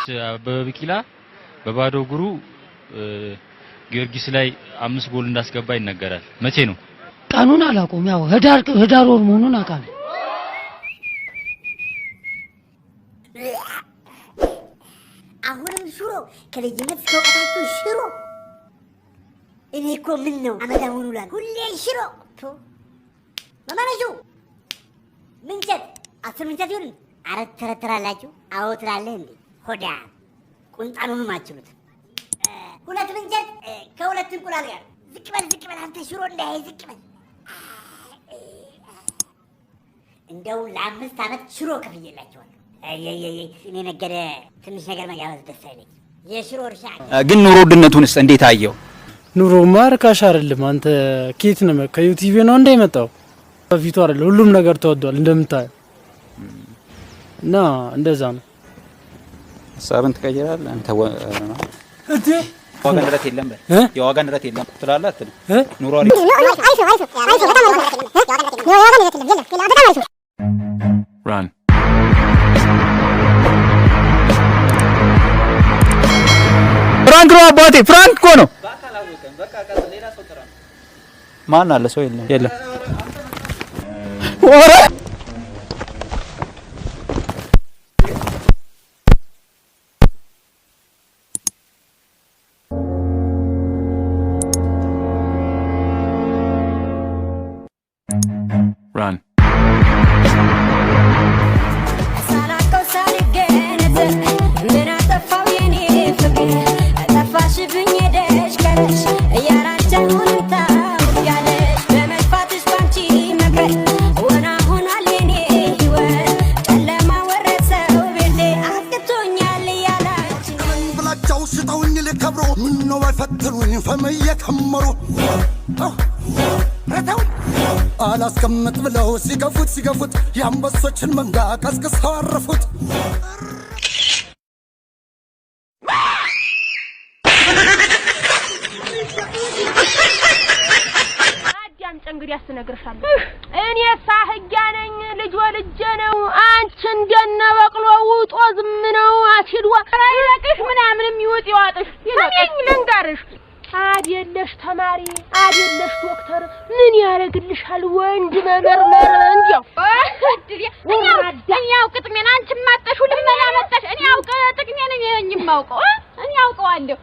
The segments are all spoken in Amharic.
ተጫዋች አበበ ቢቂላ በባዶ እግሩ ጊዮርጊስ ላይ አምስት ጎል እንዳስገባ ይነገራል። መቼ ነው ቀኑን አላውቀውም። ያው ህዳር ህዳር ወር መሆኑን አውቃለሁ። አሁንም ሽሮ ከልጅነት እስከ እውቀታችሁ ሽሮ። እኔ እኮ ምን ነው አመዳሙን ውላል ሁሌ ሽሮ መማለሹ ምንጨት አስር ምንጨት ይሁን አረት ተረትራላችሁ። አዎ ትላለህ እንዴ ሆዳ ቁንጣኑንም አችሉት። ሁለት እንጀት ከሁለት እንቁላል ጋር ዝቅ በል ዝቅ በል አንተ ሽሮ እንዳይ ዝቅ በል። እንደው ለአምስት ዓመት ሽሮ ከፍዬላቸዋል። እኔ ነገደ ትንሽ ነገር መጋበዝ ደስ አይለኝ። የሽሮ እርሻ ግን ኑሮ ውድነቱንስ እንዴት አየው? ኑሮ ማርካሽ አይደለም። አንተ ኬት ነው ከዩቲቪ ነው እንደ እንዳይመጣው በፊቱ አይደለ ሁሉም ነገር ተወዷል እንደምታየው እና እንደዛ ነው። ሀሳብን ትቀይራለህ አንተ። ዋጋ ንረት የለም በል የዋጋ ንረት የለም ትላለህ አትልም። ኑሮ ራን ፍራንክ ነው አባቴ፣ ፍራንክ እኮ ነው። ማን አለ? ሰው የለም የለም ላስቀምጥ ብለው ሲገፉት ሲገፉት የአንበሶችን መንጋ ቀስቅሰው አረፉት። እንግዲህ አስነግርሻለሁ። እኔ ሳህያ ነኝ፣ ልጅ ወልጄ ነው። አንቺ እንደነ በቅሎ ውጦ ዝም ነው አትሂዷ። ይለቅሽ ይዋጥሽ። ይለቅሽ ልንገርሽ አደለሽ ተማሪ አደለሽ ዶክተር ምን ያደርግልሻል? ወንድ መመርመር እንዲያው እኔ አውቅ ጥቅሜን አንቺ ማጠሽ ልመና መጠሽ እኔ አውቅ ጥቅሜን እኔ የማውቀው እኔ አውቀዋለሁ።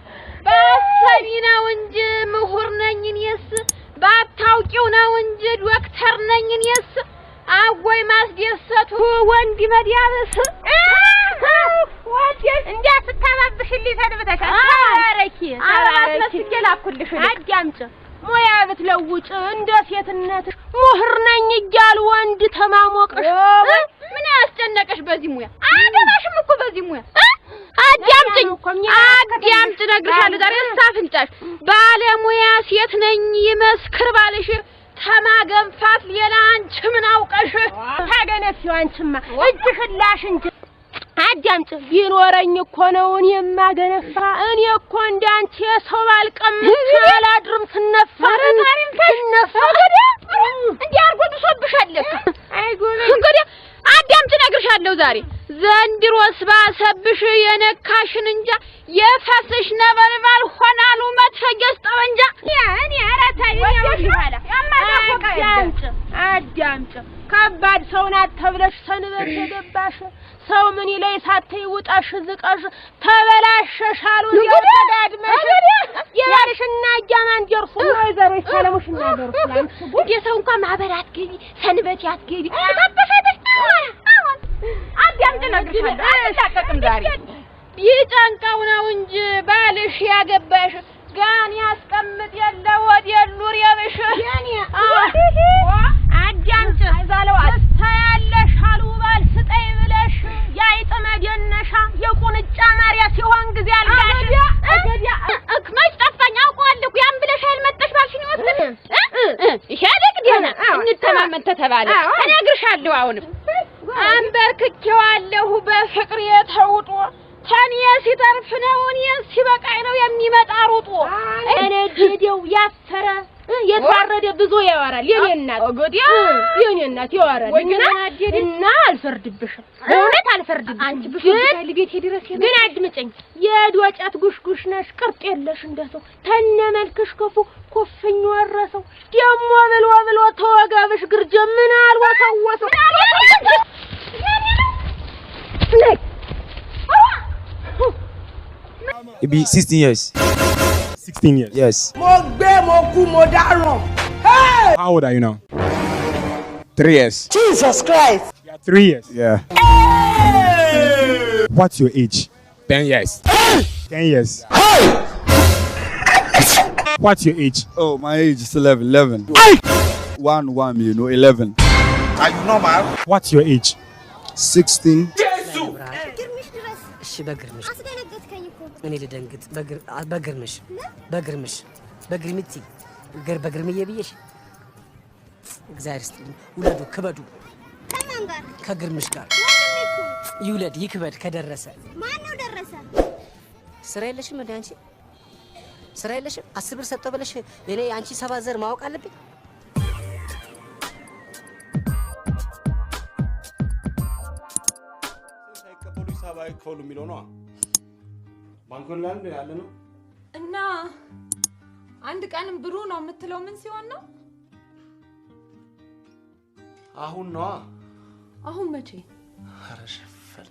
በአሳቢ ነው እንጂ ምሁር ነኝ እኔስ ባታውቂው ነው እንጂ ዶክተር ነኝ እኔስ አወይ ማስደሰቱ ወንድ መዲያበስ እንዲያ ስታባብሽልኝ ሰንብተሻል። ተባረኪ ተባረኪ። መስጌ ላኩልሽ። አዳምጪ ሙያ ብትለውጭ እንደ ሴትነትሽ ሙህር ነኝ እያሉ ወንድ ተማሞቅሽ ምን ያስጨነቀሽ? በዚህ ሙያ አገባሽም እኮ በዚህ ሙያ አዳምጪኝ፣ አዳምጪ እነግርሻለሁ። ዛሬ ሳፍንጫሽ ባለሙያ ሴት ነኝ ይመስክር ባልሽ ተማገንፋት ሌላ አንቺ ምን አውቀሽ ታገነፊው አንቺማ እጅ እንጂ አዳምጭ ቢኖረኝ እኮ ነው እኔ የማገነፋ። እኔ እኮ እንዳንቺ የሰው ባልቀምስ አላድርም ስነፋ ስነፋ እነግርሻለሁ ዛሬ ዘንድሮስ ባሰብሽ የነካሽን እንጃ የፈስሽ ነበልባል ሆናሉ መትፈጊያሽ ጠበንጃ እኔ አራታይ ከባድ ሰው ናት ተብለሽ ሰንበት የገባሽ ሰው ምን ይለይ ሳትይ ውጠሽ ዝቀሽ ተበላሸሽ አሉ ተዳድመሽ ያልሽና እጃማን ጀርሱ ወይዘሮ ይሳለሙሽ እና ጀርሱ እንደ ሰው እንኳን ማህበር አትገቢ ሰንበት ያትገቢ ተበሸደሽ አሁን አዳምጥ ዛሬ ይጨንቀው ነው እንጂ ባልሽ ያገባሽ አመን ተተባለ ተናግርሻለሁ። አሁንም አንበርክኬዋለሁ በፍቅር የተውጦ ከኔ ሲጠርፍ ነው እኔ ሲበቃኝ ነው የሚመጣ ሩጦ እኔ ጌዴው ያፈረ የታረደ ብዙ ያወራል። የኔ እናት ወጎዲ የኔ እናት ያወራል። እና አልፈርድብሽም፣ እውነት አልፈርድብሽም። አንቺ ብሽ ልቤት ድረስ ግን አድምጪኝ። የዶጫት ጉሽጉሽ ነሽ፣ ቅርጥ የለሽ እንደሰው ተነ መልክሽ ክፉ ኩፍኝ ወረሰው። ደሞ ብሎ ብሎ ተወጋብሽ ግርጀ ምን አልወሰወሰው It 16 years. 16 years. Yes. How old are you now? Three years. Jesus Christ. You are three years. Yeah. Hey! What's your age? Ten years. Hey! Ten years. Hey! What's your age? Oh, my age is 11. 11. Hey! One, one, you know, 11. Are you normal? What's your age? 16. በግርምሽ አስደነገጥከኝ እኮ እኔ ልደንግጥ በግርምሽ በግርምሽ በግርምቲ ግር በግርምዬ ብዬሽ እግዚአብሔር ስጥ። ውለዱ ክበዱ፣ ከግርምሽ ጋር ይውለድ ይክበድ። ከደረሰ ማን ነው ደረሰ? ስራ የለሽም እንደ አንቺ ስራ የለሽም። አስር ብር ሰጠው ብለሽ እኔ አንቺ ሰባ ዘር ማወቅ አለብኝ። ሳይቀበሉ የሚለው ነው ባንኮን ላይ ያለ ነው እና አንድ ቀንም ብሩ ነው የምትለው ምን ሲሆን ነው? አሁን ነዋ። አሁን መቼ? ኧረ ሸፈል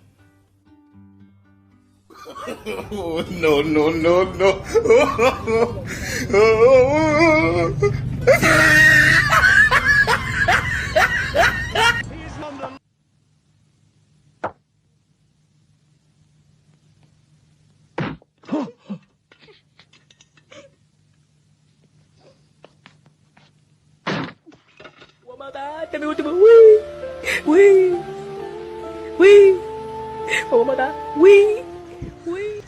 ኖ ኖ ኖ ኖ Demi último. Ui! Ui! Ui! Vamos mandar. Ui! Ui!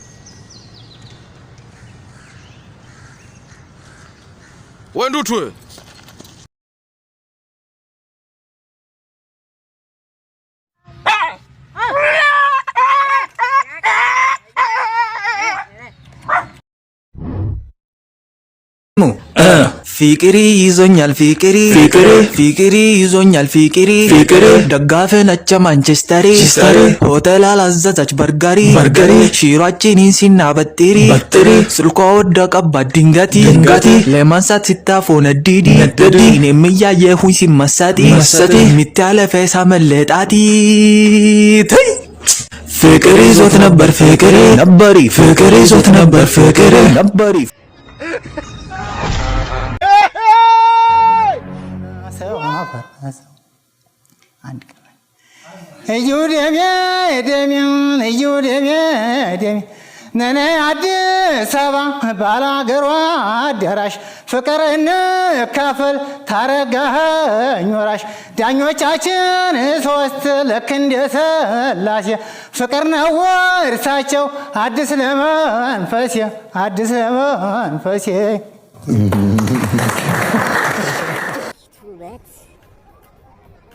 Wendutwe! ፍቅሪ ይዞኛል ፍቅሪ ፍቅሪ ይዞኛል ፍቅሪ ደጋፌ ነች ማንቸስተሪ ሆቴል አላዘዛች በርገሪ ሽሯችንን ሲናበጥሪ ስልኳ ወደቀባት ድንገት ለማንሳት ስታፎነድድ እኔም እያየሁኝ ሲመሰጥ ሚታለፈ ሳመለጣት ፍቅሪ ይዞት ነበር ፍቅሪ ነበር ፍቅሪ ይዞት ነበር ፍቅሪ ነበር ፈረሰው አንድ ቀን እዩ ደሜ ደሜን እዩ ደሜ ደሜ ነነ አዲስ አበባ ባላገሯ አዳራሽ ፍቅር እንካፈል ታረጋኸኝ ወራሽ ዳኞቻችን ሶስት ልክ እንደ ሥላሴ ፍቅር ነው እርሳቸው አዲስ ለመንፈሴ አዲስ ለመንፈሴ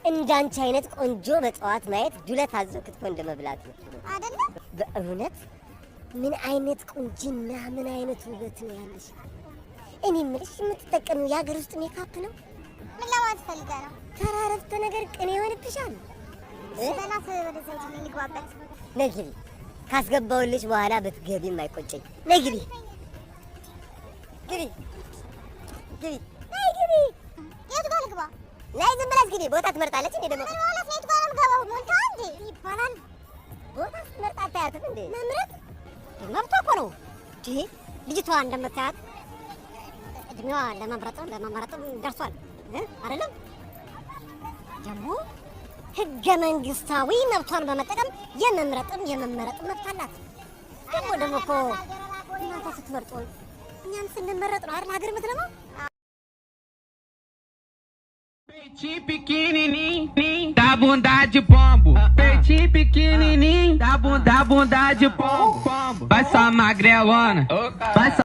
እንዳንቺ አይነት ቆንጆ በጠዋት ማየት ዱለት አዞ ክትፎ እንደ መብላት ነው አደለ? በእውነት ምን አይነት ቁንጅና ምን አይነት ውበት ነው ያለሽ። እኔ ምልሽ የምትጠቀሚው የሀገር ውስጥ ሜካፕ ነው? ምን ለማለት ፈልገ ነው? ተራረፍተ ነገር ቅኔ ይሆንብሻል። በላት ወደዛ የሚግባበት ነግሪ። ካስገባውልሽ በኋላ ብትገቢም የማይቆጨኝ ነግሪ ግቢ ግቢ ላይ ዝም ብለህ እንግዲህ ቦታ ትመርጣለች። እንደ ደግሞ ይባላል ቦታ ስትመርጥ አታያትም እንዴ? መምረጥ መብቷ እኮ ነው። ልጅቷ እንደምታያት እድሜዋ ለመምረጥም ለመመረጥም ደርሷል አይደለም? ደግሞ ህገ መንግስታዊ መብቷን በመጠቀም የመምረጥም የመመረጥም መብት አላት። ደግሞ ደግሞ እኮ እናንተ ስትመርጡ እኛም ስንመረጥ ነው አይደል ሀገር የምትለማው Peitinho pequenininho, da bunda de pombo. Ah, ah. Peitinho pequenininho, ah. da bunda, bunda de pombo. Vai só magrelona, vai só...